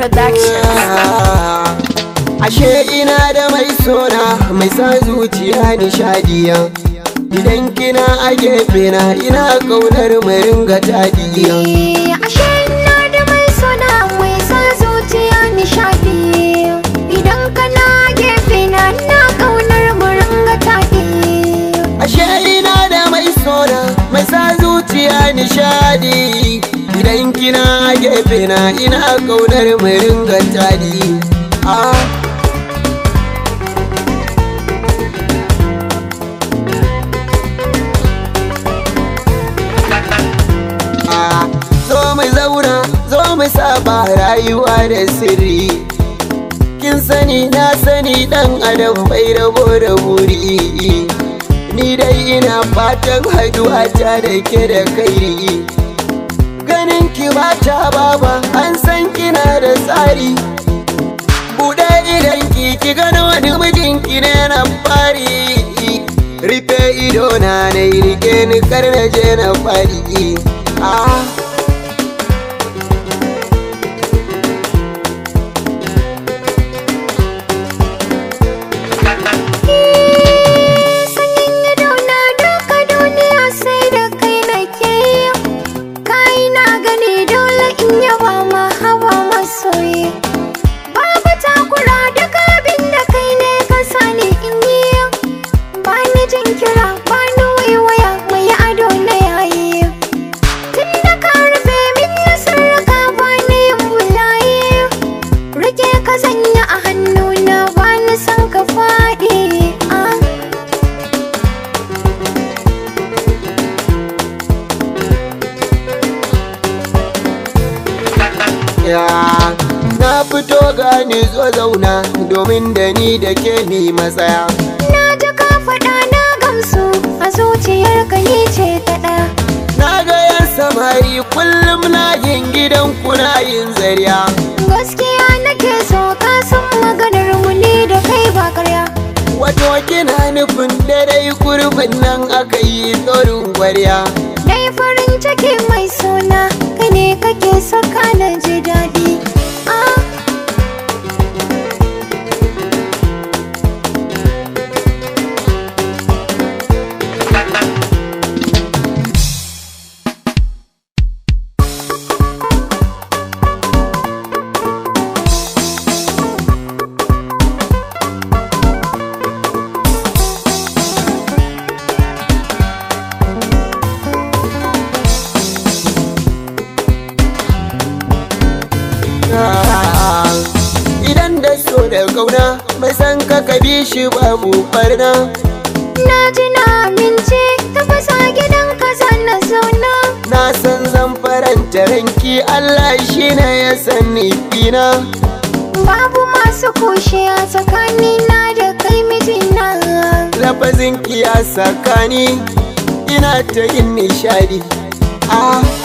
Productions. Ashe ina da mai sona mai sa zuciya nishadiya. Idan kina a gefe ina kaunar mai ringa tadiya. Eh, ashe ina da mai sona mai sa zuciya nishadiya. Idan kana a gefe ina kaunar mai ringa tadiya. Ashe ina da mai sona mai sa zuciya nishadi. idan kina gefe na ina kaunar mai ringar tari ah. ah. saba rayuwa da sirri kin sani na sani dan adam bai rabo da wuri. ni dai ina fatan haduwa ta da ke da kai ganin ki ba ta baba an san kina da tsari buɗe idan ki ki gano wani mijin ki ne na fari rufe ido na na rike ni kar na je na fari ah ya na fito gani zo zauna domin da ni da ke ni matsaya na ji ka faɗa na gamsu a zuciyar ka ni ce ta na ga yan samari kullum na yin gidan kuna yin zariya gaskiya nake so ka san maganar mu ni da kai ba karya wato kina nufin dare kurfin nan aka yi tsorin gwarya Dai farin ciki mai suna kake saka na ji daɗi da kauna mai san ka ka bi shi babu farna. na ji na amince ta fasa gidan ka zanna zauna na san zan faranta ranki Allah shi na ya sani ina babu masu kushiya tsakani na da kai mijina lafazin a tsakani ina ta yin nishadi ah